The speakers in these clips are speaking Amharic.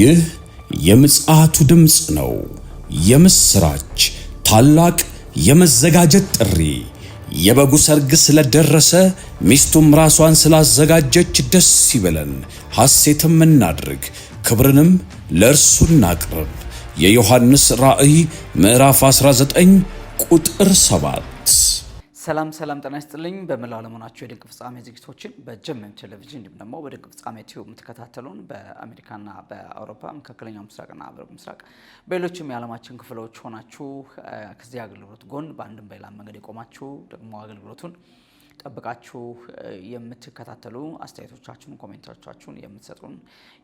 ይህ የምጽአቱ ድምፅ ነው። የምስራች ታላቅ የመዘጋጀት ጥሪ። የበጉ ሰርግ ስለደረሰ ሚስቱም ራሷን ስላዘጋጀች ደስ ይበለን፣ ሐሴትም እናድርግ፣ ክብርንም ለእርሱ እናቅርብ። የዮሐንስ ራእይ ምዕራፍ 19 ቁጥር 7 ሰላም ሰላም ጤና ይስጥልኝ። በመላው ዓለም ሆናችሁ የድንቅ ፍጻሜ ዝግጅቶችን በጀመም ቴሌቪዥን እንዲሁም ደግሞ በድንቅ ፍጻሜ ቲዩብ የምትከታተሉን በአሜሪካና በአውሮፓ መካከለኛው ምስራቅና በሩቅ ምስራቅ በሌሎችም የዓለማችን ክፍሎች ሆናችሁ ከዚህ አገልግሎት ጎን በአንድም በሌላ መንገድ የቆማችሁ ደግሞ አገልግሎቱን ጠብቃችሁ የምትከታተሉ አስተያየቶቻችሁን፣ ኮሜንቶቻችሁን የምትሰጡን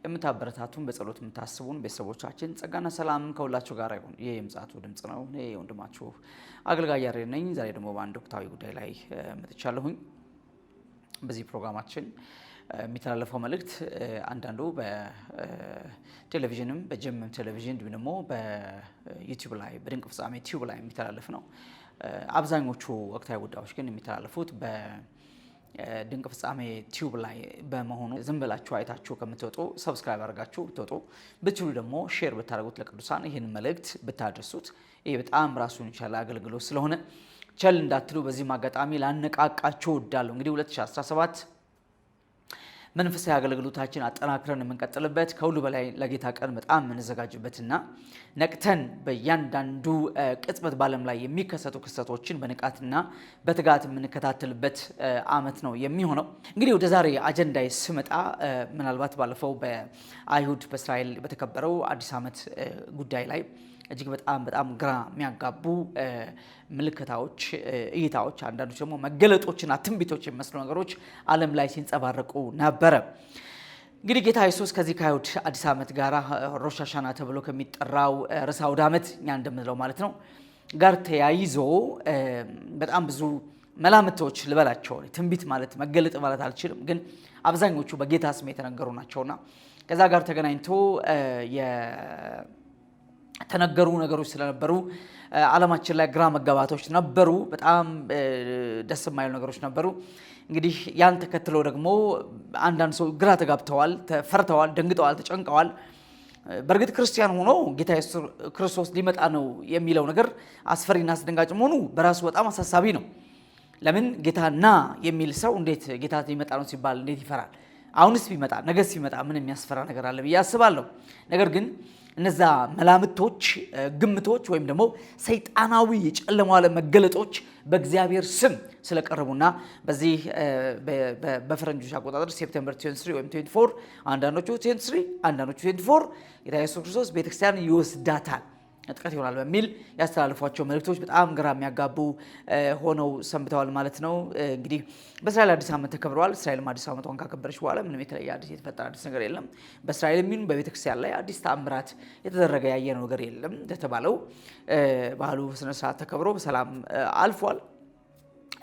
የምታበረታቱን፣ በጸሎት የምታስቡን ቤተሰቦቻችን ጸጋና ሰላም ከሁላችሁ ጋር ይሁን። ይህ የምጽአቱ ድምጽ ነው። እኔ ወንድማችሁ አገልጋይ ያሬድ ነኝ። ዛሬ ደግሞ በአንድ ወቅታዊ ጉዳይ ላይ መጥቻለሁኝ። በዚህ ፕሮግራማችን የሚተላለፈው መልእክት አንዳንዱ በቴሌቪዥንም በጀመም ቴሌቪዥን እንዲሁም ደግሞ በዩቲዩብ ላይ በድንቅ ፍጻሜ ቲዩብ ላይ የሚተላለፍ ነው። አብዛኞቹ ወቅታዊ ጉዳዮች ግን የሚተላለፉት በድንቅ ፍጻሜ ቲዩብ ላይ በመሆኑ ዝም ብላችሁ አይታችሁ ከምትወጡ ሰብስክራይብ አድርጋችሁ ብትወጡ፣ ብትችሉ ደግሞ ሼር ብታደርጉት ለቅዱሳን ይህን መልእክት ብታደርሱት ይህ በጣም ራሱን የቻለ አገልግሎት ስለሆነ ቸል እንዳትሉ በዚህም አጋጣሚ ላነቃቃችሁ እወዳለሁ። እንግዲህ 2017 መንፈሳዊ አገልግሎታችን አጠናክረን የምንቀጥልበት ከሁሉ በላይ ለጌታ ቀን በጣም የምንዘጋጅበትና ነቅተን በእያንዳንዱ ቅጽበት በዓለም ላይ የሚከሰቱ ክስተቶችን በንቃትና በትጋት የምንከታተልበት ዓመት ነው የሚሆነው። እንግዲህ ወደ ዛሬ አጀንዳ ስመጣ ምናልባት ባለፈው በአይሁድ በእስራኤል በተከበረው አዲስ ዓመት ጉዳይ ላይ እጅግ በጣም በጣም ግራ የሚያጋቡ ምልክታዎች፣ እይታዎች፣ አንዳንዶች ደግሞ መገለጦችና ትንቢቶች የሚመስሉ ነገሮች ዓለም ላይ ሲንጸባረቁ ነበረ። እንግዲህ ጌታ ኢየሱስ ከዚህ ከአይሁድ አዲስ ዓመት ጋር ሮሻሻና ተብሎ ከሚጠራው ርዕሰ አውደ ዓመት እኛ እንደምንለው ማለት ነው ጋር ተያይዞ በጣም ብዙ መላምቶች ልበላቸው ትንቢት ማለት መገለጥ ማለት አልችልም፣ ግን አብዛኞቹ በጌታ ስም የተነገሩ ናቸውና ከዛ ጋር ተገናኝቶ ተነገሩ ነገሮች ስለነበሩ ዓለማችን ላይ ግራ መጋባቶች ነበሩ። በጣም ደስ የማይሉ ነገሮች ነበሩ። እንግዲህ ያን ተከትለው ደግሞ አንዳንድ ሰው ግራ ተጋብተዋል፣ ፈርተዋል፣ ደንግጠዋል፣ ተጨንቀዋል። በእርግጥ ክርስቲያን ሆኖ ጌታ ኢየሱስ ክርስቶስ ሊመጣ ነው የሚለው ነገር አስፈሪና አስደንጋጭ መሆኑ በራሱ በጣም አሳሳቢ ነው። ለምን ጌታ ና የሚል ሰው እንዴት ጌታ ሊመጣ ነው ሲባል እንዴት ይፈራል? አሁንስ ቢመጣ ነገስ ቢመጣ ምን የሚያስፈራ ነገር አለ ብዬ አስባለሁ። ነገር ግን እነዛ መላምቶች፣ ግምቶች ወይም ደግሞ ሰይጣናዊ የጨለማው ዓለም መገለጦች በእግዚአብሔር ስም ስለቀረቡና በዚህ በፈረንጆች አቆጣጠር ሴፕቴምበር 23 ወይም 24 አንዳንዶቹ 23 አንዳንዶቹ 24 ጌታ ኢየሱስ ክርስቶስ ቤተክርስቲያን ይወስዳታል። ጥቃት ይሆናል በሚል ያስተላልፏቸው መልእክቶች በጣም ግራ የሚያጋቡ ሆነው ሰንብተዋል ማለት ነው። እንግዲህ በእስራኤል አዲስ ዓመት ተከብረዋል። እስራኤልም አዲስ ዓመቷን ካከበረች በኋላ ምንም የተለየ አዲስ የተፈጠረ አዲስ ነገር የለም። በእስራኤል የሚሆን በቤተክርስቲያን ላይ አዲስ ተአምራት የተደረገ ያየነው ነገር የለም። እንደተባለው ባህሉ ስነስርዓት ተከብሮ በሰላም አልፏል።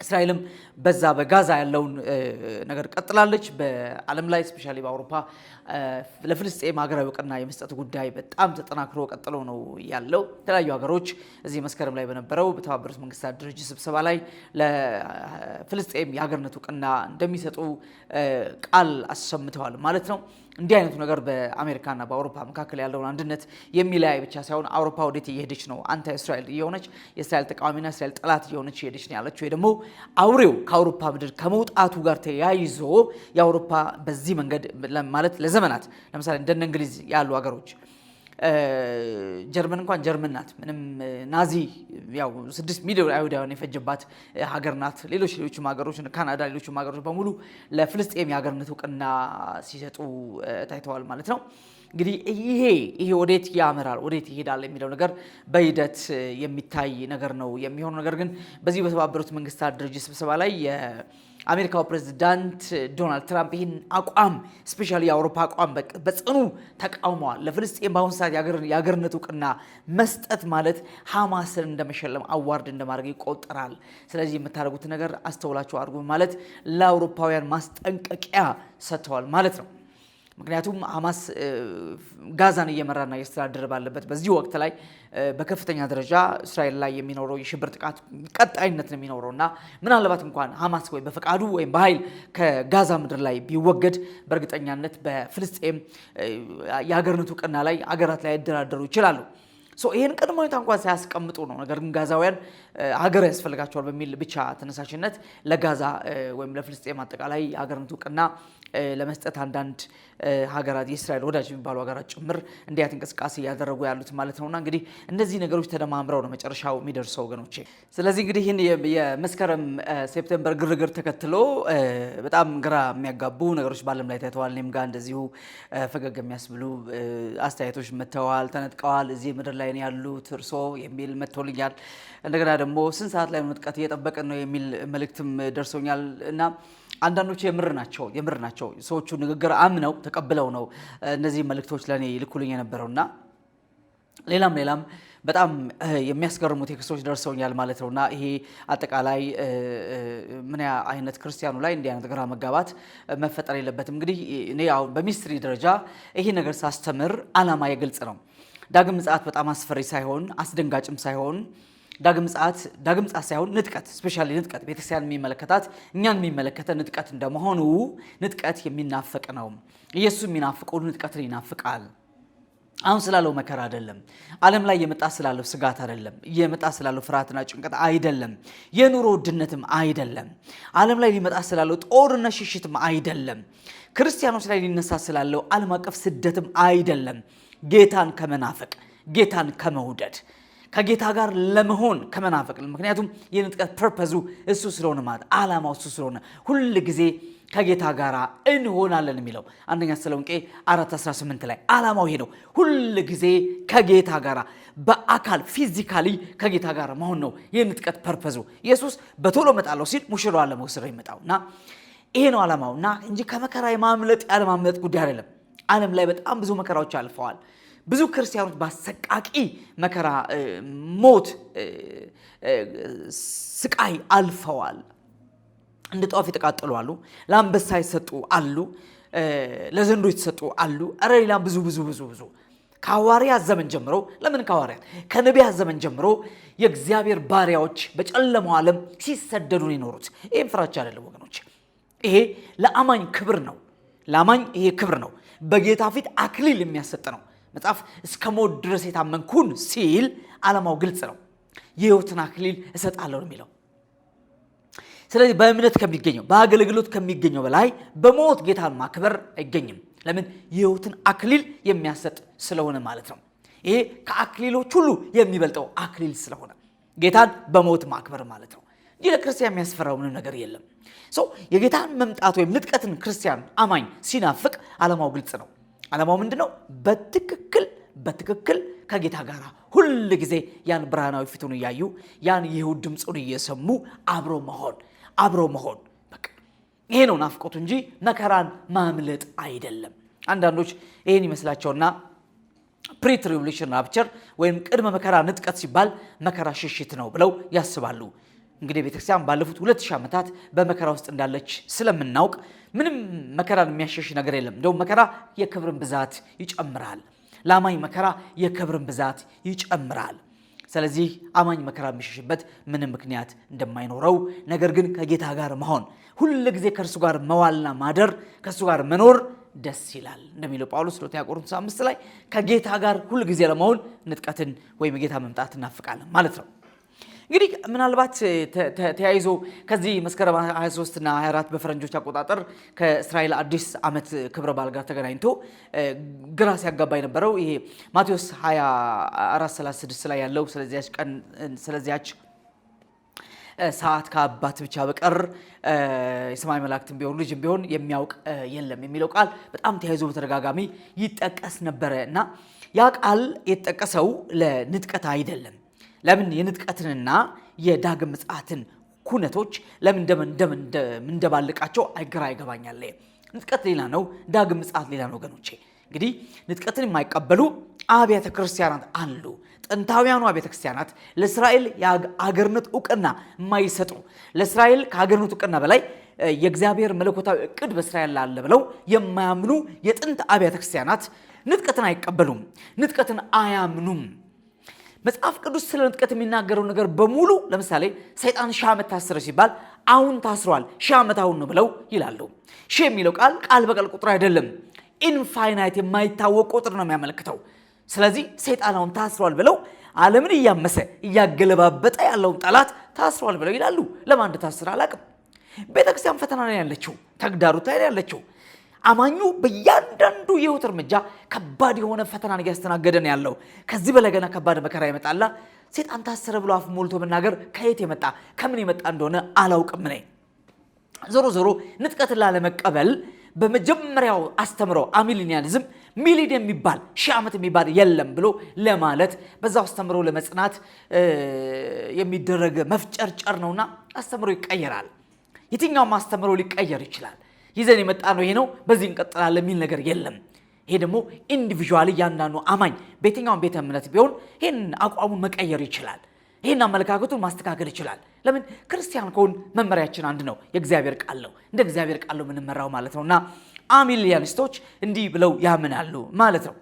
እስራኤልም በዛ በጋዛ ያለውን ነገር ቀጥላለች። በዓለም ላይ ስፔሻሊ በአውሮፓ ለፍልስጤም ሀገራዊ እውቅና የመስጠት ጉዳይ በጣም ተጠናክሮ ቀጥሎ ነው ያለው። የተለያዩ ሀገሮች እዚህ መስከረም ላይ በነበረው በተባበሩት መንግስታት ድርጅት ስብሰባ ላይ ለፍልስጤም የሀገርነት እውቅና እንደሚሰጡ ቃል አሰምተዋል ማለት ነው። እንዲህ አይነቱ ነገር በአሜሪካና በአውሮፓ መካከል ያለውን አንድነት የሚለያይ ብቻ ሳይሆን አውሮፓ ወዴት እየሄደች ነው? አንተ እስራኤል እየሆነች የእስራኤል ተቃዋሚና እስራኤል ጠላት እየሆነች እየሄደች ነው ያለችው። ደግሞ አውሬው ከአውሮፓ ምድር ከመውጣቱ ጋር ተያይዞ የአውሮፓ በዚህ መንገድ ማለት ለዘመናት ለምሳሌ እንደነ እንግሊዝ ያሉ ሀገሮች ጀርመን እንኳን ጀርመን ናት። ምንም ናዚ ያው ስድስት ሚሊዮን አይሁዳውያን የፈጀባት ሀገር ናት። ሌሎች ሌሎችም ሀገሮች ካናዳ፣ ሌሎችም ሀገሮች በሙሉ ለፍልስጤም የሀገርነት እውቅና ሲሰጡ ታይተዋል ማለት ነው። እንግዲህ ይሄ ይሄ ወዴት ያመራል ወዴት ይሄዳል የሚለው ነገር በሂደት የሚታይ ነገር ነው የሚሆኑ ነገር ግን በዚህ በተባበሩት መንግስታት ድርጅት ስብሰባ ላይ አሜሪካው ፕሬዚዳንት ዶናልድ ትራምፕ ይህን አቋም ስፔሻሊ የአውሮፓ አቋም በጽኑ ተቃውመዋል። ለፍልስጤም በአሁኑ ሰዓት የአገርነት እውቅና መስጠት ማለት ሐማስን እንደመሸለም አዋርድ እንደማድረግ ይቆጠራል። ስለዚህ የምታደርጉት ነገር አስተውላችሁ አድርጉ ማለት ለአውሮፓውያን ማስጠንቀቂያ ሰጥተዋል ማለት ነው። ምክንያቱም ሐማስ ጋዛን እየመራና እያስተዳደረ ባለበት በዚህ ወቅት ላይ በከፍተኛ ደረጃ እስራኤል ላይ የሚኖረው የሽብር ጥቃት ቀጣይነት ነው የሚኖረው እና ምናልባት እንኳን ሐማስ ወይ በፈቃዱ ወይም በኃይል ከጋዛ ምድር ላይ ቢወገድ በእርግጠኛነት በፍልስጤም የሀገርነቱ ቀና ላይ አገራት ላይ ያደራደሩ ይችላሉ። ይህን ቅድመ ሁኔታ እንኳን ሳያስቀምጡ ነው። ነገር ግን ጋዛውያን ሀገር ያስፈልጋቸዋል በሚል ብቻ ተነሳሽነት ለጋዛ ወይም ለፍልስጤም አጠቃላይ ሀገርነቱ ቅና ለመስጠት አንዳንድ ሀገራት የእስራኤል ወዳጅ የሚባሉ ሀገራት ጭምር እንዲያት እንቅስቃሴ እያደረጉ ያሉት ማለት ነውና እንግዲህ እነዚህ ነገሮች ተደማምረው ነው መጨረሻው የሚደርሰው ወገኖቼ። ስለዚህ እንግዲህ ይህን የመስከረም ሴፕቴምበር ግርግር ተከትሎ በጣም ግራ የሚያጋቡ ነገሮች በዓለም ላይ ታይተዋል። እኔም ጋር እንደዚሁ ፈገግ የሚያስብሉ አስተያየቶች መጥተዋል። ተነጥቀዋል፣ እዚህ ምድር ላይ ያሉት እርሶ የሚል መጥቶልኛል። እንደገና ደግሞ ስንት ሰዓት ላይ መጥቀት እየጠበቀን ነው የሚል መልእክትም ደርሶኛል እና አንዳንዶቹ የምር ናቸው የምር ናቸው። ሰዎቹ ንግግር አምነው ተቀብለው ነው እነዚህ መልእክቶች ለእኔ ይልኩልኝ የነበረውና ሌላም ሌላም በጣም የሚያስገርሙ ቴክስቶች ደርሰውኛል ማለት ነውና ይሄ አጠቃላይ ምን አይነት ክርስቲያኑ ላይ እንዲህ አይነት ግራ መጋባት መፈጠር የለበትም። እንግዲህ እኔ አሁን ደረጃ ይሄ ነገር ሳስተምር አላማ የግልጽ ነው። ዳግም ምጽአት በጣም አስፈሪ ሳይሆን አስደንጋጭም ሳይሆን ዳግም ምጽአት ዳግም ምጽአት ሳይሆን ንጥቀት ስፔሻሊ ንጥቀት ቤተክርስቲያን የሚመለከታት እኛን የሚመለከተ ንጥቀት እንደመሆኑ ንጥቀት የሚናፍቅ ነው። ኢየሱስ የሚናፍቀው ንጥቀትን ይናፍቃል። አሁን ስላለው መከራ አይደለም። ዓለም ላይ የመጣ ስላለው ስጋት አይደለም። የመጣ ስላለው ፍርሃትና ጭንቀት አይደለም። የኑሮ ውድነትም አይደለም። ዓለም ላይ ሊመጣ ስላለው ጦርነት ሽሽትም አይደለም። ክርስቲያኖች ላይ ሊነሳ ስላለው ዓለም አቀፍ ስደትም አይደለም። ጌታን ከመናፈቅ ጌታን ከመውደድ ከጌታ ጋር ለመሆን ከመናፈቅ ምክንያቱም የንጥቀት ፐርፐዙ እሱ ስለሆነ ማለት አላማው እሱ ስለሆነ ሁል ጊዜ ከጌታ ጋር እንሆናለን የሚለው አንደኛ ተሰሎንቄ 4:18 ላይ አላማው ይሄ ነው። ሁል ጊዜ ከጌታ ጋር በአካል ፊዚካሊ ከጌታ ጋር መሆን ነው የንጥቀት ፐርፐዙ። ኢየሱስ በቶሎ መጣለው ሲል ሙሽራዋን ለመውሰድ ይመጣው እና ይሄ ነው አላማው እና እንጂ ከመከራ የማምለጥ ያለማምለጥ ጉዳይ አይደለም። ዓለም ላይ በጣም ብዙ መከራዎች አልፈዋል። ብዙ ክርስቲያኖች በአሰቃቂ መከራ፣ ሞት፣ ስቃይ አልፈዋል። እንደ ጧፍ የተቃጠሉ አሉ፣ ለአንበሳ የተሰጡ አሉ፣ ለዘንዶ የተሰጡ አሉ። እረ ሌላ ብዙ ብዙ ብዙ ብዙ ከሐዋርያት ዘመን ጀምሮ ለምን ከሐዋርያት ከነቢያት ዘመን ጀምሮ የእግዚአብሔር ባሪያዎች በጨለማው ዓለም ሲሰደዱ ነው የኖሩት። ይህም ፍራቻ አይደለም ወገኖች፣ ይሄ ለአማኝ ክብር ነው። ለአማኝ ይሄ ክብር ነው። በጌታ ፊት አክሊል የሚያሰጥ ነው። መጽሐፍ እስከ ሞት ድረስ የታመንኩን ሲል ዓላማው ግልጽ ነው። የህይወትን አክሊል እሰጣለሁ ነው የሚለው። ስለዚህ በእምነት ከሚገኘው በአገልግሎት ከሚገኘው በላይ በሞት ጌታን ማክበር አይገኝም። ለምን? የህይወትን አክሊል የሚያሰጥ ስለሆነ ማለት ነው። ይሄ ከአክሊሎች ሁሉ የሚበልጠው አክሊል ስለሆነ ጌታን በሞት ማክበር ማለት ነው እንጂ ለክርስቲያን የሚያስፈራው ምንም ነገር የለም። ሰው የጌታን መምጣት ወይም ንጥቀትን ክርስቲያን አማኝ ሲናፍቅ ዓላማው ግልጽ ነው። ዓላማው ምንድ ነው? በትክክል በትክክል ከጌታ ጋር ሁል ጊዜ ያን ብርሃናዊ ፊቱን እያዩ ያን የይሁድ ድምፁን እየሰሙ አብሮ መሆን አብሮ መሆን ይሄ ነው ናፍቆቱ እንጂ መከራን ማምለጥ አይደለም። አንዳንዶች ይህን ይመስላቸውና ፕሪ ትሪቡሌሽን ራፕቸር ወይም ቅድመ መከራ ንጥቀት ሲባል መከራ ሽሽት ነው ብለው ያስባሉ። እንግዲህ ቤተክርስቲያን ባለፉት ሁለት ሺህ ዓመታት በመከራ ውስጥ እንዳለች ስለምናውቅ ምንም መከራን የሚያሸሽ ነገር የለም። እንደውም መከራ የክብርን ብዛት ይጨምራል። ለአማኝ መከራ የክብርን ብዛት ይጨምራል። ስለዚህ አማኝ መከራ የሚሸሽበት ምንም ምክንያት እንደማይኖረው ነገር ግን ከጌታ ጋር መሆን ሁል ጊዜ ከእርሱ ጋር መዋልና ማደር ከእሱ ጋር መኖር ደስ ይላል እንደሚለው ጳውሎስ ሎቴያ ቆሮንቶስ አምስት ላይ ከጌታ ጋር ሁል ጊዜ ለመሆን ንጥቀትን ወይም የጌታ መምጣት እናፍቃለን ማለት ነው። እንግዲህ ምናልባት ተያይዞ ከዚህ መስከረም 23 እና 24 በፈረንጆች አቆጣጠር ከእስራኤል አዲስ ዓመት ክብረ በዓል ጋር ተገናኝቶ ግራ ሲያጋባ የነበረው ይሄ ማቴዎስ 24፡36 ላይ ያለው ስለዚያች ቀን ስለዚያች ሰዓት ከአባት ብቻ በቀር የሰማይ መላእክትም ቢሆን ልጅም ቢሆን የሚያውቅ የለም የሚለው ቃል በጣም ተያይዞ በተደጋጋሚ ይጠቀስ ነበረ እና ያ ቃል የተጠቀሰው ለንጥቀት አይደለም። ለምን የንጥቀትንና የዳግም ምጽአትን ኩነቶች ለምን እንደምንደባልቃቸው አይግራ ይገባኛል። ንጥቀት ሌላ ነው፣ ዳግም ምጽአት ሌላ ነው። ወገኖቼ እንግዲህ ንጥቀትን የማይቀበሉ አብያተ ክርስቲያናት አሉ። ጥንታውያኑ አብያተ ክርስቲያናት ለእስራኤል የአገርነት እውቅና የማይሰጡ ለእስራኤል ከአገርነት እውቅና በላይ የእግዚአብሔር መለኮታዊ እቅድ በእስራኤል ላለ ብለው የማያምኑ የጥንት አብያተ ክርስቲያናት ንጥቀትን አይቀበሉም፣ ንጥቀትን አያምኑም። መጽሐፍ ቅዱስ ስለ ንጥቀት የሚናገረው ነገር በሙሉ ለምሳሌ ሰይጣን ሺህ ዓመት ታስረ ሲባል አሁን ታስሯል፣ ሺህ ዓመት አሁን ነው ብለው ይላሉ። ሺህ የሚለው ቃል ቃል በቃል ቁጥር አይደለም፣ ኢንፋይናይት የማይታወቅ ቁጥር ነው የሚያመለክተው። ስለዚህ ሰይጣን አሁን ታስሯል ብለው ዓለምን እያመሰ እያገለባበጠ ያለውን ጠላት ታስሯል ብለው ይላሉ። ለማን ታስር አላቅም። ቤተክርስቲያን ፈተና ላይ ያለችው፣ ተግዳሮት ላይ ያለችው አማኙ በእያንዳንዱ የህይወት እርምጃ ከባድ የሆነ ፈተና እያስተናገደ ነው ያለው። ከዚህ በላይ ገና ከባድ መከራ ይመጣላ። ሴጣን ታሰረ ብሎ አፍ ሞልቶ መናገር ከየት የመጣ ከምን የመጣ እንደሆነ አላውቅም። ነኝ ዞሮ ዞሮ ንጥቀትን ላለመቀበል በመጀመሪያው አስተምሮ አሚሊኒያሊዝም ሚሊድ የሚባል ሺህ ዓመት የሚባል የለም ብሎ ለማለት በዛው አስተምሮ ለመጽናት የሚደረግ መፍጨርጨር ነውና አስተምሮ ይቀየራል። የትኛውም አስተምሮ ሊቀየር ይችላል። ይዘን የመጣ ነው ይሄ ነው በዚህ እንቀጥላለን የሚል ነገር የለም። ይሄ ደግሞ ኢንዲቪዥዋሊ እያንዳንዱ አማኝ በየትኛውን ቤተ እምነት ቢሆን ይህን አቋሙን መቀየር ይችላል። ይህን አመለካከቱን ማስተካከል ይችላል። ለምን ክርስቲያን ከሆን መመሪያችን አንድ ነው፣ የእግዚአብሔር ቃል ነው። እንደ እግዚአብሔር ቃል ነው የምንመራው ማለት ነው። እና አሚሊያኒስቶች እንዲህ ብለው ያምናሉ ማለት ነው።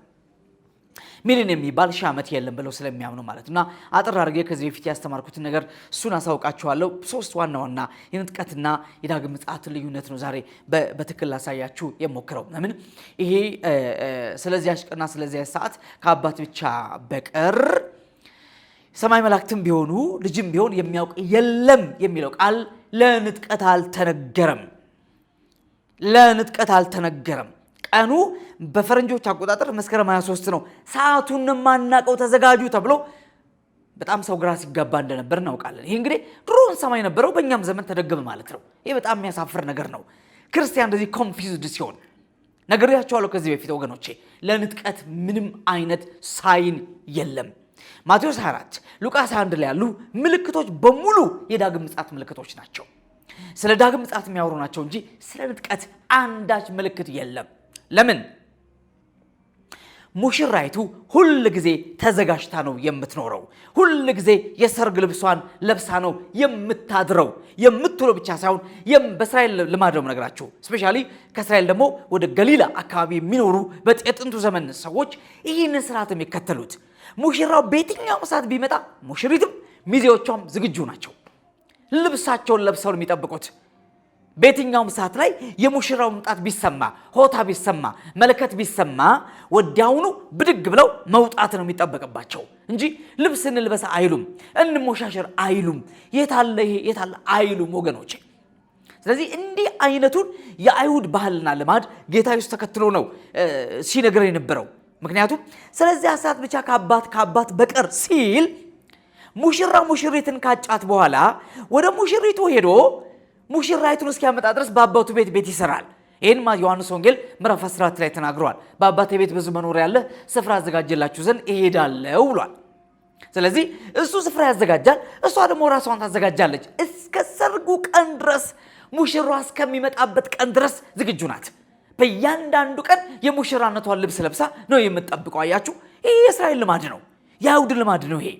ሚሊን የሚባል ሺህ ዓመት የለም ብለው ስለሚያምኑ ማለት እና አጠር አድርጌ ከዚህ በፊት ያስተማርኩትን ነገር እሱን አሳውቃችኋለሁ። ሶስት ዋና ዋና የንጥቀትና የዳግም ምጽአት ልዩነት ነው ዛሬ በትክክል ላሳያችሁ የሞክረው ለምን ይሄ ስለዚያች ቀንና ስለዚያች ሰዓት ከአባት ብቻ በቀር ሰማይ መላእክትም ቢሆኑ ልጅም ቢሆን የሚያውቅ የለም የሚለው ቃል ለንጥቀት አልተነገረም። ለንጥቀት አልተነገረም። ቀኑ በፈረንጆች አቆጣጠር መስከረም 23 ነው። ሰዓቱን የማናቀው ተዘጋጁ ተብሎ በጣም ሰው ግራ ሲጋባ እንደነበር እናውቃለን። ይህ እንግዲህ ድሮን ሰማይ ነበረው በእኛም ዘመን ተደገመ ማለት ነው። ይህ በጣም የሚያሳፍር ነገር ነው። ክርስቲያን እንደዚህ ኮንፊውዝድ ሲሆን ነግሬያቸዋለሁ ከዚህ በፊት ወገኖቼ፣ ለንጥቀት ምንም አይነት ሳይን የለም። ማቴዎስ 24 ሉቃስ 21 ላይ ያሉ ምልክቶች በሙሉ የዳግም ምጽአት ምልክቶች ናቸው። ስለ ዳግም ምጽአት የሚያወሩ ናቸው እንጂ ስለ ንጥቀት አንዳች ምልክት የለም። ለምን? ሙሽራይቱ ሁል ጊዜ ተዘጋጅታ ነው የምትኖረው። ሁል ጊዜ የሰርግ ልብሷን ለብሳ ነው የምታድረው። የምትውለው ብቻ ሳይሆን በእስራኤል ልማድ ነው ነገራችሁ። እስፔሻሊ ከእስራኤል ደግሞ ወደ ገሊላ አካባቢ የሚኖሩ የጥንቱ ዘመን ሰዎች ይህን ስርዓት የሚከተሉት ሙሽራው በየትኛውም ሰዓት ቢመጣ ሙሽሪትም ሚዜዎቿም ዝግጁ ናቸው። ልብሳቸውን ለብሰው ነው የሚጠብቁት። በየትኛውም ሰዓት ላይ የሙሽራው መምጣት ቢሰማ ሆታ ቢሰማ መለከት ቢሰማ ወዲያውኑ ብድግ ብለው መውጣት ነው የሚጠበቅባቸው እንጂ ልብስ እንልበስ አይሉም፣ እንሞሻሸር አይሉም፣ የታለ ይሄ የታለ አይሉም ወገኖች። ስለዚህ እንዲህ አይነቱን የአይሁድ ባህልና ልማድ ጌታ ኢየሱስ ተከትሎ ነው ሲነግረ የነበረው። ምክንያቱም ስለዚህ ሰዓት ብቻ ከአባት ከአባት በቀር ሲል ሙሽራ ሙሽሪትን ካጫት በኋላ ወደ ሙሽሪቱ ሄዶ ሙሽራይቱን እስኪያመጣ ድረስ በአባቱ ቤት ቤት ይሰራል። ይህን ዮሐንስ ወንጌል ምዕራፍ 14 ላይ ተናግሯል። በአባቴ ቤት ብዙ መኖሪያ አለ፣ ስፍራ አዘጋጀላችሁ ዘንድ እሄዳለሁ ብሏል። ስለዚህ እሱ ስፍራ ያዘጋጃል፣ እሷ ደግሞ ራሷን ታዘጋጃለች። እስከ ሰርጉ ቀን ድረስ ሙሽሯ እስከሚመጣበት ቀን ድረስ ዝግጁ ናት። በእያንዳንዱ ቀን የሙሽራነቷን ልብስ ለብሳ ነው የምትጠብቀው። አያችሁ፣ ይህ የእስራኤል ልማድ ነው፣ የአይሁድ ልማድ ነው ይሄ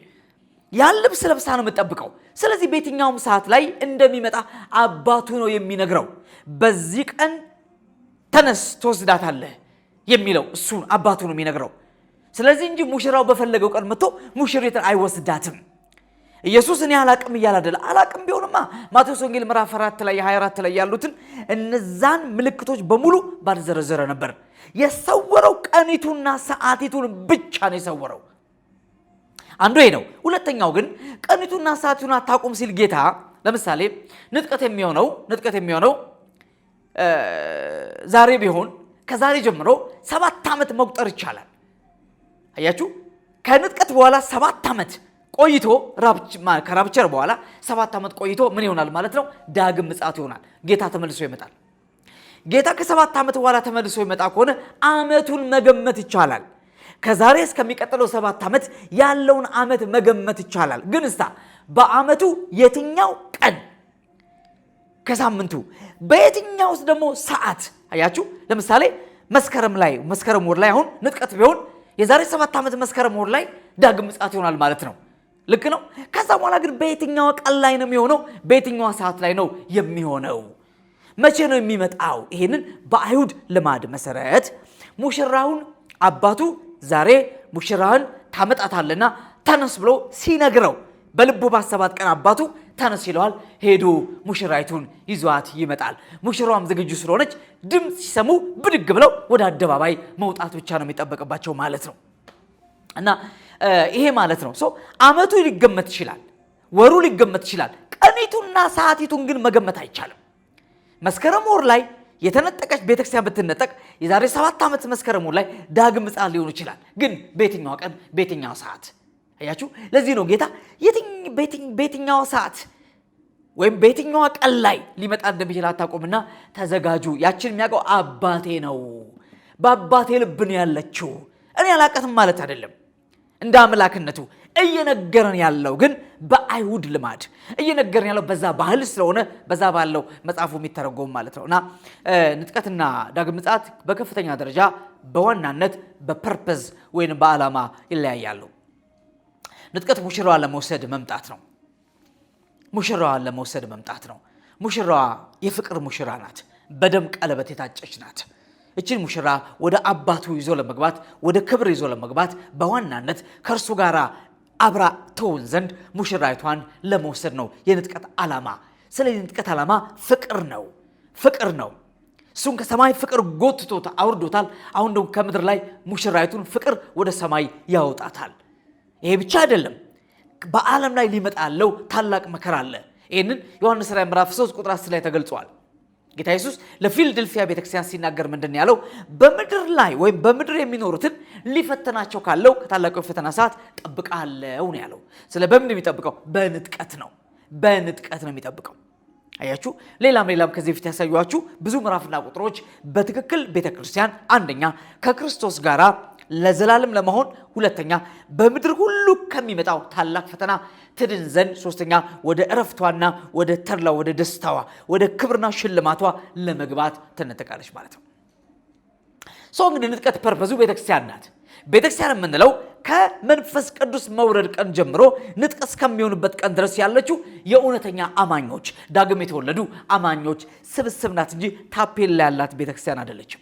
ያን ልብስ ለብሳ ነው የምጠብቀው። ስለዚህ በየትኛውም ሰዓት ላይ እንደሚመጣ አባቱ ነው የሚነግረው። በዚህ ቀን ተነስ ትወስዳታለህ የሚለው እሱ አባቱ ነው የሚነግረው። ስለዚህ እንጂ ሙሽራው በፈለገው ቀን መጥቶ ሙሽሪትን አይወስዳትም። ኢየሱስ እኔ አላቅም እያለ አደለ። አላቅም ቢሆንማ ማቴዎስ ወንጌል ምዕራፍ 4 ላይ 24 ላይ ያሉትን እነዛን ምልክቶች በሙሉ ባልዘረዘረ ነበር። የሰወረው ቀኒቱና ሰዓቲቱን ብቻ ነው የሰወረው። አንዱ ይሄ ነው። ሁለተኛው ግን ቀኒቱና ሰዓቱን አታውቁም ሲል ጌታ ለምሳሌ ንጥቀት የሚሆነው ንጥቀት የሚሆነው ዛሬ ቢሆን ከዛሬ ጀምሮ ሰባት ዓመት መቁጠር ይቻላል። አያችሁ ከንጥቀት በኋላ ሰባት ዓመት ቆይቶ ከራብቸር በኋላ ሰባት ዓመት ቆይቶ ምን ይሆናል ማለት ነው? ዳግም ምጽአት ይሆናል። ጌታ ተመልሶ ይመጣል። ጌታ ከሰባት ዓመት በኋላ ተመልሶ ይመጣ ከሆነ ዓመቱን መገመት ይቻላል። ከዛሬ እስከሚቀጥለው ሰባት ዓመት ያለውን ዓመት መገመት ይቻላል። ግን እስታ በዓመቱ የትኛው ቀን ከሳምንቱ በየትኛው ውስጥ ደግሞ ሰዓት አያችሁ። ለምሳሌ መስከረም ላይ መስከረም ወር ላይ አሁን ንጥቀት ቢሆን የዛሬ ሰባት ዓመት መስከረም ወር ላይ ዳግም ምጽአት ይሆናል ማለት ነው። ልክ ነው። ከዛ በኋላ ግን በየትኛው ቀን ላይ ነው የሚሆነው? በየትኛዋ ሰዓት ላይ ነው የሚሆነው? መቼ ነው የሚመጣው? ይሄንን በአይሁድ ልማድ መሰረት ሙሽራውን አባቱ ዛሬ ሙሽራህን ታመጣታለና ተነስ ብሎ ሲነግረው በልቡ ባሰባት ቀን አባቱ ተነስ ይለዋል። ሄዶ ሙሽራይቱን ይዟት ይመጣል። ሙሽራዋም ዝግጁ ስለሆነች ድምፅ ሲሰሙ ብድግ ብለው ወደ አደባባይ መውጣት ብቻ ነው የሚጠበቅባቸው ማለት ነው እና ይሄ ማለት ነው አመቱ ሊገመት ይችላል፣ ወሩ ሊገመት ይችላል። ቀኒቱና ሰዓቲቱን ግን መገመት አይቻልም። መስከረም ወር ላይ የተነጠቀች ቤተክርስቲያን ብትነጠቅ የዛሬ ሰባት ዓመት መስከረሙ ላይ ዳግም ምጽአት ሊሆን ይችላል። ግን በየትኛው ቀን በየትኛው ሰዓት? አያችሁ፣ ለዚህ ነው ጌታ በየትኛው ሰዓት ወይም በየትኛዋ ቀን ላይ ሊመጣ እንደሚችል አታውቁምና ተዘጋጁ። ያችን የሚያውቀው አባቴ ነው። በአባቴ ልብ ነው ያለችው። እኔ አላውቃትም ማለት አይደለም እንደ አምላክነቱ እየነገረን ያለው ግን በአይሁድ ልማድ እየነገረን ያለው በዛ ባህል ስለሆነ በዛ ባለው መጽሐፉ የሚተረጎም ማለት ነው እና ንጥቀትና ዳግም ምጽአት በከፍተኛ ደረጃ በዋናነት በፐርፐዝ ወይም በዓላማ ይለያያሉ። ንጥቀት ሙሽራዋን ለመውሰድ መምጣት ነው። ሙሽራዋን ለመውሰድ መምጣት ነው። ሙሽራዋ የፍቅር ሙሽራ ናት። በደም ቀለበት የታጨች ናት። እችን ሙሽራ ወደ አባቱ ይዞ ለመግባት ወደ ክብር ይዞ ለመግባት በዋናነት ከእርሱ ጋር አብራ ትሆን ዘንድ ሙሽራይቷን ለመውሰድ ነው የንጥቀት ዓላማ። ስለዚህ የንጥቀት ዓላማ ፍቅር ነው፣ ፍቅር ነው። እሱን ከሰማይ ፍቅር ጎትቶታ አውርዶታል። አሁን ደግሞ ከምድር ላይ ሙሽራይቱን ፍቅር ወደ ሰማይ ያወጣታል። ይሄ ብቻ አይደለም፣ በዓለም ላይ ሊመጣ ያለው ታላቅ መከራ አለ። ይህንን ዮሐንስ ራዕይ ምዕራፍ 3 ቁጥር 10 ላይ ተገልጿል። ጌታ ኢየሱስ ለፊልድልፊያ ቤተክርስቲያን ሲናገር ምንድን ያለው? በምድር ላይ ወይም በምድር የሚኖሩትን ሊፈተናቸው ካለው ከታላቁ የፈተና ሰዓት ጠብቃለው ነው ያለው። ስለ በምን የሚጠብቀው? በንጥቀት ነው። በንጥቀት ነው የሚጠብቀው። አያችሁ። ሌላም ሌላም ከዚህ በፊት ያሳዩችሁ ብዙ ምዕራፍና ቁጥሮች በትክክል ቤተ ክርስቲያን አንደኛ ከክርስቶስ ጋር ለዘላለም ለመሆን፣ ሁለተኛ በምድር ሁሉ ከሚመጣው ታላቅ ፈተና ትድን ዘንድ ሶስተኛ ወደ እረፍቷና ወደ ተድላ ወደ ደስታዋ ወደ ክብርና ሽልማቷ ለመግባት ትነጠቃለች ማለት ነው። ሰው እንግዲህ ንጥቀት ፐርፐዙ ቤተክርስቲያን ናት። ቤተክርስቲያን የምንለው ከመንፈስ ቅዱስ መውረድ ቀን ጀምሮ ንጥቅ እስከሚሆንበት ቀን ድረስ ያለችው የእውነተኛ አማኞች ዳግም የተወለዱ አማኞች ስብስብ ናት እንጂ ታፔላ ያላት ቤተክርስቲያን አይደለችም።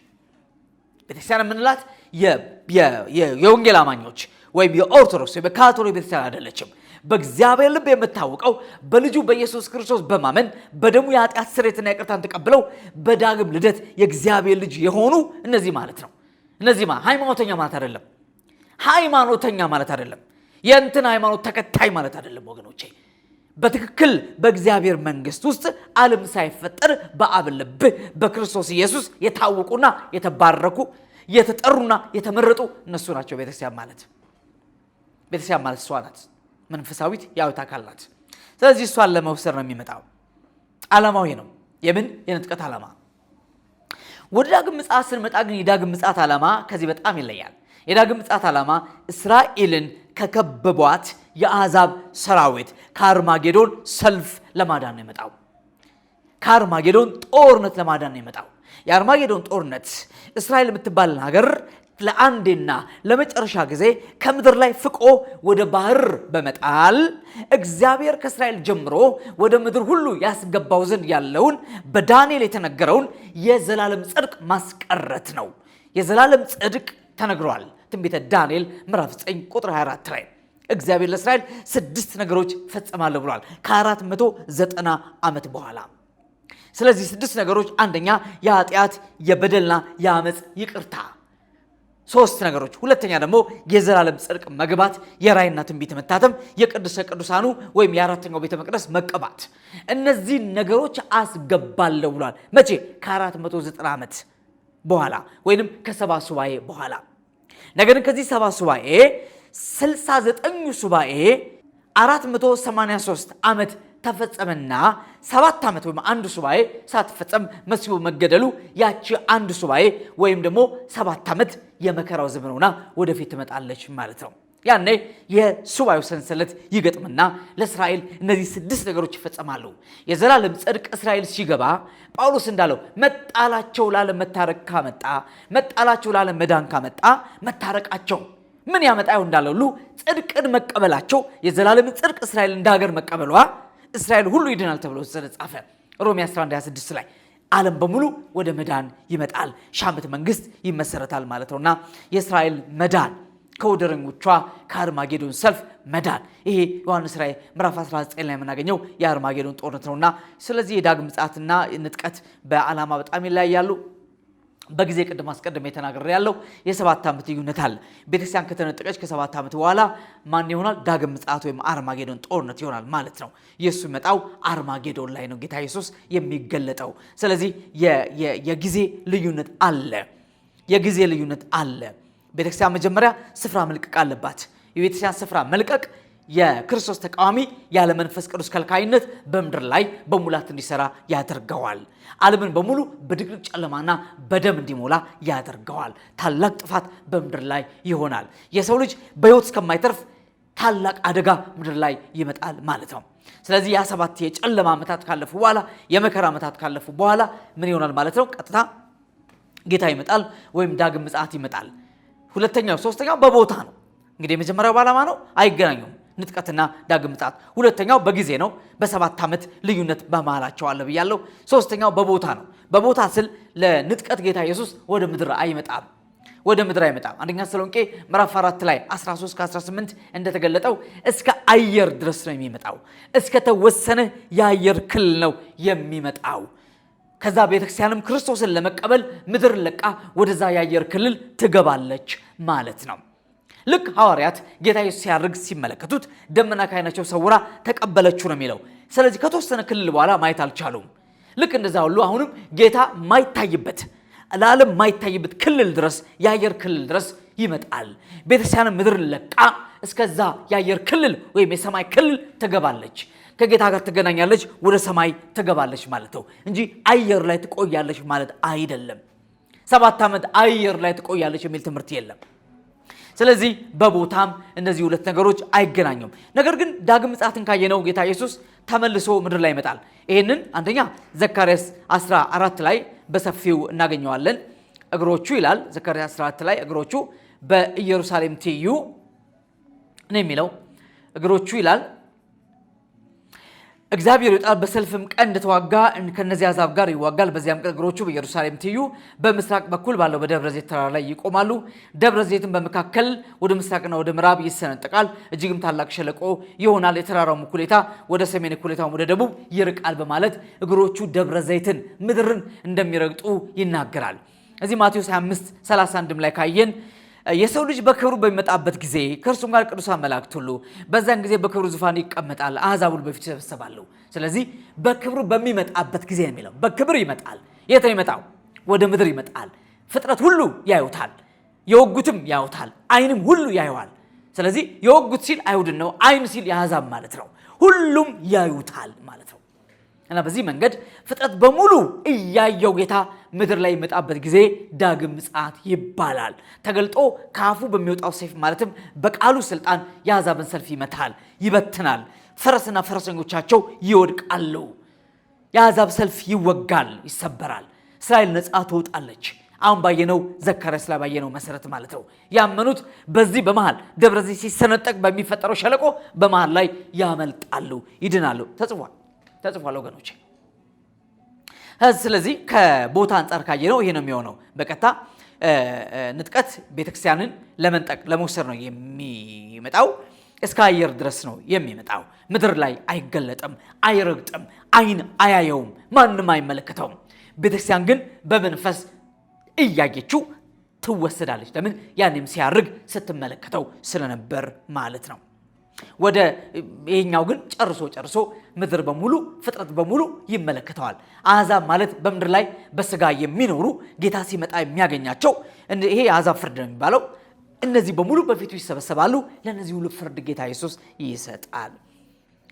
ቤተክርስቲያን የምንላት የወንጌል አማኞች ወይም የኦርቶዶክስ ወይም የካቶሊክ ቤተክርስቲያን አይደለችም። በእግዚአብሔር ልብ የምታውቀው በልጁ በኢየሱስ ክርስቶስ በማመን በደሙ የኃጢአት ስርየትና ይቅርታን ተቀብለው በዳግም ልደት የእግዚአብሔር ልጅ የሆኑ እነዚህ ማለት ነው። እነዚህ ሃይማኖተኛ ማለት አይደለም። ሃይማኖተኛ ማለት አይደለም። የእንትን ሃይማኖት ተከታይ ማለት አይደለም ወገኖቼ በትክክል በእግዚአብሔር መንግስት ውስጥ ዓለም ሳይፈጠር በአብ ልብ በክርስቶስ ኢየሱስ የታወቁና የተባረኩ የተጠሩና የተመረጡ እነሱ ናቸው። ቤተክርስቲያን ማለት ቤተክርስቲያን ማለት እሷ ናት። መንፈሳዊት የሕይወት አካል ናት። ስለዚህ እሷን ለመውሰድ ነው የሚመጣው። ዓላማው ይሄ ነው። የምን የንጥቀት ዓላማ። ወደ ዳግም ምጽአት ስንመጣ ግን የዳግም ምጽአት ዓላማ ከዚህ በጣም ይለያል። የዳግም ምጽአት ዓላማ እስራኤልን ከከበቧት የአሕዛብ ሰራዊት ከአርማጌዶን ሰልፍ ለማዳን ነው የመጣው። ከአርማጌዶን ጦርነት ለማዳን ነው የመጣው። የአርማጌዶን ጦርነት እስራኤል የምትባልን ሀገር ለአንዴና ለመጨረሻ ጊዜ ከምድር ላይ ፍቆ ወደ ባህር በመጣል እግዚአብሔር ከእስራኤል ጀምሮ ወደ ምድር ሁሉ ያስገባው ዘንድ ያለውን በዳንኤል የተነገረውን የዘላለም ጽድቅ ማስቀረት ነው። የዘላለም ጽድቅ ተነግሯል። ትንቢተ ዳንኤል ምዕራፍ 9 ቁጥር 24 ላይ እግዚአብሔር ለእስራኤል ስድስት ነገሮች ፈጽማለሁ ብሏል ከ ዘጠና ዓመት በኋላ ስለዚህ ስድስት ነገሮች፣ አንደኛ የኃጢአት የበደልና የአመፅ ይቅርታ ሶስት ነገሮች። ሁለተኛ ደግሞ የዘላለም ጽድቅ መግባት፣ የራይና ትንቢት መታተም፣ የቅዱሰ ቅዱሳኑ ወይም የአራተኛው ቤተ መቅደስ መቀባት። እነዚህን ነገሮች አስገባለሁ ብሏል። መቼ? ከ490 ዓመት በኋላ ወይንም ከሰባ ሱባኤ በኋላ። ነገር ግን ከዚህ ሰባ ሱባኤ 69ኙ ሱባኤ 483 ዓመት ተፈጸመና ሰባት ዓመት ወይም አንድ ሱባኤ ሳትፈጸም መሲሁ መገደሉ ያቺ አንድ ሱባኤ ወይም ደግሞ ሰባት ዓመት የመከራው ዘመን ሆና ወደፊት ትመጣለች ማለት ነው። ያኔ የሱባኤው ሰንሰለት ይገጥምና ለእስራኤል እነዚህ ስድስት ነገሮች ይፈጸማሉ። የዘላለም ጽድቅ እስራኤል ሲገባ ጳውሎስ እንዳለው መጣላቸው ላለመታረቅ ካመጣ መጣላቸው ላለመዳን ካመጣ መታረቃቸው ምን ያመጣ ይሆን እንዳለ ሁሉ ጽድቅን መቀበላቸው የዘላለም ጽድቅ እስራኤል እንደ ሀገር መቀበሏ እስራኤል ሁሉ ይድናል ተብሎ ሮሚ ሮሜ 26 ላይ ዓለም በሙሉ ወደ መዳን ይመጣል፣ ሺህ ዓመት መንግስት ይመሰረታል ማለት ነው እና የእስራኤል መዳን ከወደረኞቿ ከአርማጌዶን ሰልፍ መዳን ይሄ ዮሐንስ ራእይ ምዕራፍ 19 ላይ የምናገኘው የአርማጌዶን ጦርነት ነውና፣ ስለዚህ የዳግም ምጽአትና ንጥቀት በዓላማ በጣም ይለያያሉ። በጊዜ ቅድም አስቀድም የተናገረ ያለው የሰባት ዓመት ልዩነት አለ። ቤተክርስቲያን ከተነጠቀች ከሰባት ዓመት በኋላ ማን ይሆናል? ዳግም ምጽአት ወይም አርማጌዶን ጦርነት ይሆናል ማለት ነው። የእሱ መጣው አርማጌዶን ላይ ነው ጌታ ኢየሱስ የሚገለጠው። ስለዚህ የጊዜ ልዩነት አለ። የጊዜ ልዩነት አለ። ቤተክርስቲያን መጀመሪያ ስፍራ መልቀቅ አለባት። የቤተክርስቲያን ስፍራ መልቀቅ የክርስቶስ ተቃዋሚ ያለ መንፈስ ቅዱስ ከልካይነት በምድር ላይ በሙላት እንዲሰራ ያደርገዋል። ዓለምን በሙሉ በድቅድቅ ጨለማና በደም እንዲሞላ ያደርገዋል። ታላቅ ጥፋት በምድር ላይ ይሆናል። የሰው ልጅ በሕይወት እስከማይተርፍ ታላቅ አደጋ ምድር ላይ ይመጣል ማለት ነው። ስለዚህ ያ ሰባት የጨለማ ዓመታት ካለፉ በኋላ የመከራ ዓመታት ካለፉ በኋላ ምን ይሆናል ማለት ነው? ቀጥታ ጌታ ይመጣል ወይም ዳግም ምጽአት ይመጣል። ሁለተኛው ሶስተኛው በቦታ ነው። እንግዲህ የመጀመሪያው በዓላማ ነው፣ አይገናኙም ንጥቀትና ዳግም ምጣት። ሁለተኛው በጊዜ ነው። በሰባት ዓመት ልዩነት በመሃላቸው አለ ብያለሁ። ሶስተኛው በቦታ ነው። በቦታ ስል ለንጥቀት ጌታ ኢየሱስ ወደ ምድር አይመጣም ወደ ምድር አይመጣም። አንደኛ ተሰሎንቄ ምዕራፍ 4 ላይ 13 ከ18 እንደተገለጠው እስከ አየር ድረስ ነው የሚመጣው። እስከ ተወሰነ የአየር ክልል ነው የሚመጣው። ከዛ ቤተክርስቲያንም ክርስቶስን ለመቀበል ምድር ለቃ ወደዛ የአየር ክልል ትገባለች ማለት ነው። ልክ ሐዋርያት ጌታ ኢየሱስ ሲያርግ ሲመለከቱት ደመና ከዓይናቸው ሰውራ ተቀበለችው ነው የሚለው። ስለዚህ ከተወሰነ ክልል በኋላ ማየት አልቻሉም። ልክ እንደዛ ሁሉ አሁንም ጌታ ማይታይበት ለዓለም ማይታይበት ክልል ድረስ የአየር ክልል ድረስ ይመጣል። ቤተክርስቲያን ምድር ለቃ እስከዛ የአየር ክልል ወይም የሰማይ ክልል ትገባለች። ከጌታ ጋር ትገናኛለች፣ ወደ ሰማይ ትገባለች ማለት ነው እንጂ አየር ላይ ትቆያለች ማለት አይደለም። ሰባት ዓመት አየር ላይ ትቆያለች የሚል ትምህርት የለም። ስለዚህ በቦታም እነዚህ ሁለት ነገሮች አይገናኙም። ነገር ግን ዳግም ምጽአትን ካየነው ጌታ ኢየሱስ ተመልሶ ምድር ላይ ይመጣል። ይህንን አንደኛ ዘካርያስ 14 ላይ በሰፊው እናገኘዋለን። እግሮቹ ይላል ዘካርያስ 14 ላይ እግሮቹ በኢየሩሳሌም ትይዩ ነው የሚለው እግሮቹ ይላል እግዚአብሔር ይወጣል በሰልፍም ቀን እንደተዋጋ ከነዚህ አሕዛብ ጋር ይዋጋል። በዚያም ቀን እግሮቹ በኢየሩሳሌም ትይዩ በምስራቅ በኩል ባለው በደብረ ዘይት ተራራ ላይ ይቆማሉ። ደብረ ዘይትን በመካከል ወደ ምስራቅና ወደ ምዕራብ ይሰነጠቃል፣ እጅግም ታላቅ ሸለቆ ይሆናል። የተራራውም እኩሌታ ወደ ሰሜን እኩሌታውም ወደ ደቡብ ይርቃል በማለት እግሮቹ ደብረ ዘይትን ምድርን እንደሚረግጡ ይናገራል። እዚህ ማቴዎስ 25 31 ላይ ካየን የሰው ልጅ በክብሩ በሚመጣበት ጊዜ ከእርሱም ጋር ቅዱሳን መላእክት ሁሉ በዛን ጊዜ በክብሩ ዙፋን ይቀመጣል፣ አሕዛብ ሁሉ በፊቱ ይሰበሰባሉ። ስለዚህ በክብሩ በሚመጣበት ጊዜ ነው የሚለው። በክብር ይመጣል። የት ነው ይመጣው? ወደ ምድር ይመጣል። ፍጥረት ሁሉ ያዩታል፣ የወጉትም ያዩታል፣ አይንም ሁሉ ያዩዋል። ስለዚህ የወጉት ሲል አይሁድን ነው፣ አይን ሲል የአሕዛብ ማለት ነው። ሁሉም ያዩታል ማለት ነው። እና በዚህ መንገድ ፍጥረት በሙሉ እያየው ጌታ ምድር ላይ የመጣበት ጊዜ ዳግም ምጽአት ይባላል። ተገልጦ ከአፉ በሚወጣው ሰይፍ ማለትም በቃሉ ስልጣን የአሕዛብን ሰልፍ ይመታል፣ ይበትናል። ፈረስና ፈረሰኞቻቸው ይወድቃሉ። የአሕዛብ ሰልፍ ይወጋል፣ ይሰበራል። እስራኤል ነጻ ትወጣለች። አሁን ባየነው ዘካርያስ ላይ ባየነው መሰረት ማለት ነው። ያመኑት በዚህ በመሃል ደብረዚህ ሲሰነጠቅ በሚፈጠረው ሸለቆ በመሃል ላይ ያመልጣሉ፣ ይድናሉ። ተጽፏል። ተጽፏል ወገኖች። ስለዚህ ከቦታ አንጻር ካየ ነው ይሄ ነው የሚሆነው። በቀጥታ ንጥቀት ቤተክርስቲያንን ለመንጠቅ ለመውሰድ ነው የሚመጣው። እስከ አየር ድረስ ነው የሚመጣው። ምድር ላይ አይገለጥም፣ አይረግጥም፣ አይን አያየውም፣ ማንም አይመለከተውም። ቤተክርስቲያን ግን በመንፈስ እያየችው ትወሰዳለች። ለምን? ያኔም ሲያርግ ስትመለከተው ስለነበር ማለት ነው። ወደ ይሄኛው ግን ጨርሶ ጨርሶ ምድር በሙሉ ፍጥረት በሙሉ ይመለከተዋል። አሕዛብ ማለት በምድር ላይ በስጋ የሚኖሩ ጌታ ሲመጣ የሚያገኛቸው ይሄ የአሕዛብ ፍርድ ነው የሚባለው። እነዚህ በሙሉ በፊቱ ይሰበሰባሉ። ለእነዚህ ሁሉ ፍርድ ጌታ ኢየሱስ ይሰጣል።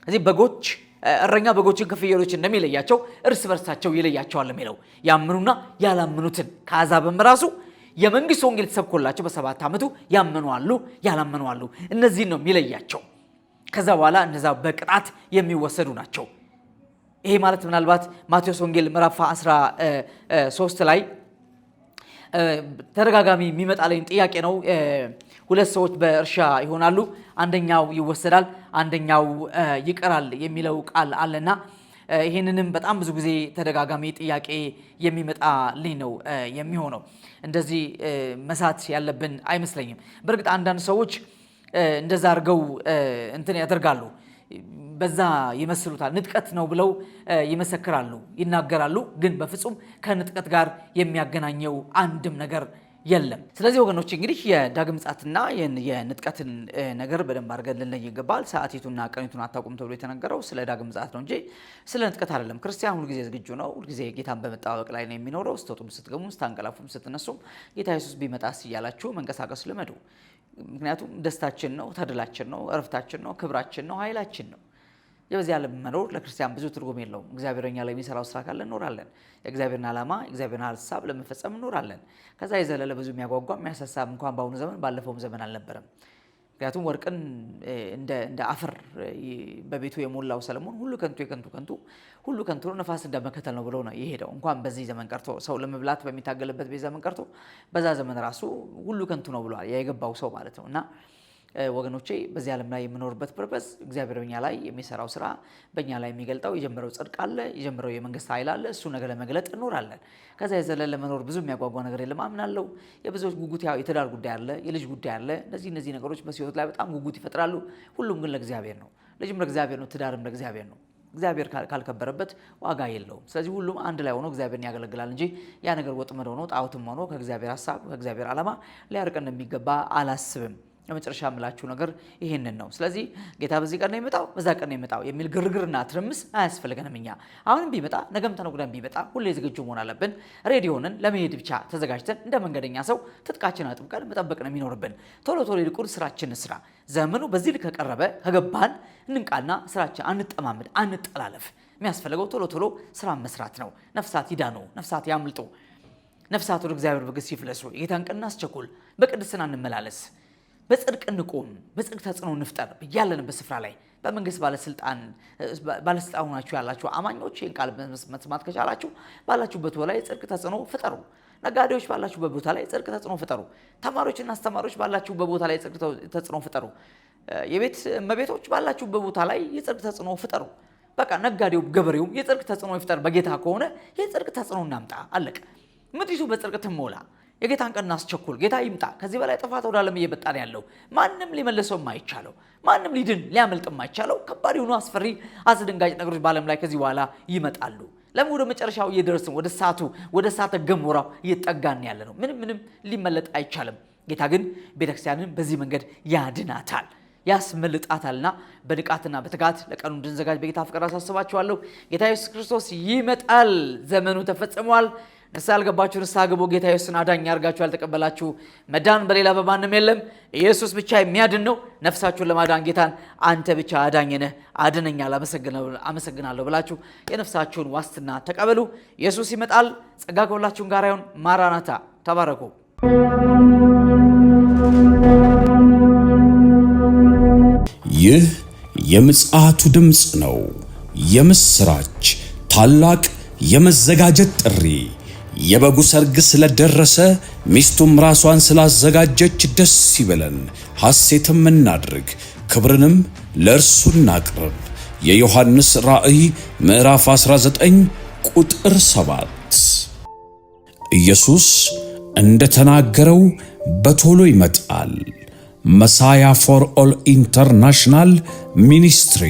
እዚህ በጎች እረኛ በጎችን ከፍየሎች እንደሚለያቸው እርስ በርሳቸው ይለያቸዋል የሚለው ያምኑና ያላምኑትን ከአሕዛብም ራሱ የመንግስት ወንጌል ተሰብኮላቸው በሰባት ዓመቱ ያመኑ አሉ፣ ያላመኑ አሉ። እነዚህን ነው የሚለያቸው። ከዛ በኋላ እነዛ በቅጣት የሚወሰዱ ናቸው። ይሄ ማለት ምናልባት ማቴዎስ ወንጌል ምዕራፍ 13 ላይ ተደጋጋሚ የሚመጣልኝ ጥያቄ ነው። ሁለት ሰዎች በእርሻ ይሆናሉ፣ አንደኛው ይወሰዳል፣ አንደኛው ይቀራል የሚለው ቃል አለና ይህንንም በጣም ብዙ ጊዜ ተደጋጋሚ ጥያቄ የሚመጣልኝ ነው የሚሆነው። እንደዚህ መሳት ያለብን አይመስለኝም። በእርግጥ አንዳንድ ሰዎች እንደዛ አድርገው እንትን ያደርጋሉ። በዛ ይመስሉታል። ንጥቀት ነው ብለው ይመሰክራሉ፣ ይናገራሉ። ግን በፍጹም ከንጥቀት ጋር የሚያገናኘው አንድም ነገር የለም። ስለዚህ ወገኖች እንግዲህ የዳግም ምጽአትና የንጥቀትን ነገር በደንብ አድርገን ልንለይ ይገባል። ሰዓቲቱና ቀኒቱን አታውቁም ተብሎ የተነገረው ስለ ዳግም ምጽአት ነው እንጂ ስለ ንጥቀት አይደለም። ክርስቲያን ሁልጊዜ ዝግጁ ነው። ሁልጊዜ ጌታን በመጠባበቅ ላይ ነው የሚኖረው። ስትወጡም፣ ስትገቡም፣ ስታንቀላፉም፣ ስትነሱም ጌታ ኢየሱስ ቢመጣስ እያላችሁ መንቀሳቀስ ልመዱ። ምክንያቱም ደስታችን ነው፣ ተድላችን ነው፣ እረፍታችን ነው፣ ክብራችን ነው፣ ኃይላችን ነው። የበዚህ ዓለም መኖር ለክርስቲያን ብዙ ትርጉም የለውም። እግዚአብሔር እኛ ላይ የሚሰራው ስራ ካለ እኖራለን። የእግዚአብሔርን ዓላማ የእግዚአብሔርን ሀሳብ ለመፈጸም እኖራለን። ከዛ የዘለለ ብዙ የሚያጓጓ የሚያሳሳብ እንኳን በአሁኑ ዘመን ባለፈውም ዘመን አልነበረም። ምክንያቱም ወርቅን እንደ አፈር በቤቱ የሞላው ሰለሞን ሁሉ ከንቱ የከንቱ ከንቱ ሁሉ ከንቱ ነፋስ እንደመከተል ነው ብሎ ነው የሄደው። እንኳን በዚህ ዘመን ቀርቶ ሰው ለመብላት በሚታገልበት ቤት ዘመን ቀርቶ በዛ ዘመን ራሱ ሁሉ ከንቱ ነው ብሏል፣ የገባው ሰው ማለት ነው እና ወገኖቼ በዚህ ዓለም ላይ የምኖርበት ፐርፐስ እግዚአብሔር በኛ ላይ የሚሰራው ስራ በእኛ ላይ የሚገልጠው የጀመረው ጽድቅ አለ፣ የጀመረው የመንግስት ኃይል አለ። እሱ ነገር ለመግለጥ እኖራለን። ከዛ የዘለለ መኖር ብዙ የሚያጓጓ ነገር የለም አምናለሁ። የብዙዎች ጉጉት ያው የትዳር ጉዳይ አለ፣ የልጅ ጉዳይ አለ። እነዚህ እነዚህ ነገሮች በሕይወት ላይ በጣም ጉጉት ይፈጥራሉ። ሁሉም ግን ለእግዚአብሔር ነው። ልጅም ለእግዚአብሔር ነው። ትዳርም ለእግዚአብሔር ነው። እግዚአብሔር ካልከበረበት ዋጋ የለውም። ስለዚህ ሁሉም አንድ ላይ ሆኖ እግዚአብሔርን ያገለግላል እንጂ ያ ነገር ወጥመድ ሆኖ ጣዖትም ሆኖ ከእግዚአብሔር ሀሳብ ከእግዚአብሔር ዓላማ ሊያርቀን እንደሚገባ አላስብም። የመጨረሻ የምላችሁ ነገር ይህንን ነው። ስለዚህ ጌታ በዚህ ቀን ነው የሚመጣው በዛ ቀን ነው የሚመጣው የሚል ግርግርና ትርምስ አያስፈልገንም። እኛ አሁንም ቢመጣ ነገም ተነጉዳን ቢመጣ ሁሌ ዝግጁ መሆን አለብን። ሬዲዮንን ለመሄድ ብቻ ተዘጋጅተን እንደ መንገደኛ ሰው ትጥቃችን አጥብቀን መጠበቅ ነው የሚኖርብን። ቶሎ ቶሎ ይልቁን ስራችን ስራ። ዘመኑ በዚህ ልክ ከቀረበ ከገባን እንንቃና ስራችን አንጠማምድ፣ አንጠላለፍ። የሚያስፈልገው ቶሎ ቶሎ ስራ መስራት ነው። ነፍሳት ይዳኑ፣ ነፍሳት ያምልጡ፣ ነፍሳት ወደ እግዚአብሔር በግስ ይፍለሱ። የጌታን ቀን እናስቸኩል፣ በቅድስና እንመላለስ። በጽድቅ እንቁም፣ በጽድቅ ተጽዕኖ እንፍጠር ብያለንበት ስፍራ ላይ በመንግስት ባለስልጣን ሆናችሁ ያላችሁ አማኞች ይህን ቃል መስማት ከቻላችሁ ባላችሁበት ላይ ጽድቅ ተጽዕኖ ፍጠሩ። ነጋዴዎች ባላችሁበት ቦታ ላይ ጽድቅ ተጽዕኖ ፍጠሩ። ተማሪዎችና አስተማሪዎች ባላችሁበት ቦታ ላይ ጽድቅ ተጽዕኖ ፍጠሩ። የቤት እመቤቶች ባላችሁበት ቦታ ላይ የጽድቅ ተጽዕኖ ፍጠሩ። በቃ ነጋዴው፣ ገበሬውም የጽድቅ ተጽዕኖ ይፍጠር። በጌታ ከሆነ የጽድቅ ተጽዕኖ እናምጣ። አለቀ። ምድሪቱ በጽድቅ ትሞላ። የጌታን ቀን እናስቸኩል። ጌታ ይምጣ። ከዚህ በላይ ጥፋት ወደ ዓለም እየመጣ ነው ያለው። ማንም ሊመልሰው የማይቻለው ማንም ሊድን ሊያመልጥ የማይቻለው ከባድ የሆኑ አስፈሪ፣ አስደንጋጭ ነገሮች በዓለም ላይ ከዚህ በኋላ ይመጣሉ። ለምን ወደ መጨረሻው እየደረስን ወደ እሳቱ ወደ ሳተ ገሞራው እየጠጋን ያለ ነው። ምንም ምንም ሊመለጥ አይቻልም። ጌታ ግን ቤተክርስቲያንን በዚህ መንገድ ያድናታል ያስመልጣታልና በንቃትና በትጋት ለቀኑ እንድንዘጋጅ በጌታ ፍቅር አሳስባችኋለሁ። ጌታ ኢየሱስ ክርስቶስ ይመጣል። ዘመኑ ተፈጽሟል። ንስሐ ያልገባችሁ ንስሐ ግቡ። ጌታ ኢየሱስን አዳኝ ያርጋችሁ። ያልተቀበላችሁ መዳን በሌላ በማንም የለም። ኢየሱስ ብቻ የሚያድን ነው። ነፍሳችሁን ለማዳን ጌታን አንተ ብቻ አዳኝ ነህ አድነኛል፣ አመሰግናለሁ ብላችሁ የነፍሳችሁን ዋስትና ተቀበሉ። ኢየሱስ ይመጣል። ጸጋ ከሁላችሁን ጋር ይሁን። ማራናታ። ተባረኩ። ይህ የምጽአቱ ድምፅ ነው። የምስራች ታላቅ የመዘጋጀት ጥሪ የበጉ ሰርግ ስለደረሰ ሚስቱም ራሷን ስላዘጋጀች ደስ ይበለን፣ ሐሴትም እናድርግ፣ ክብርንም ለእርሱ እናቅርብ። የዮሐንስ ራእይ ምዕራፍ 19 ቁጥር 7። ኢየሱስ እንደተናገረው በቶሎ ይመጣል። መሳያ ፎር ኦል ኢንተርናሽናል ሚኒስትሪ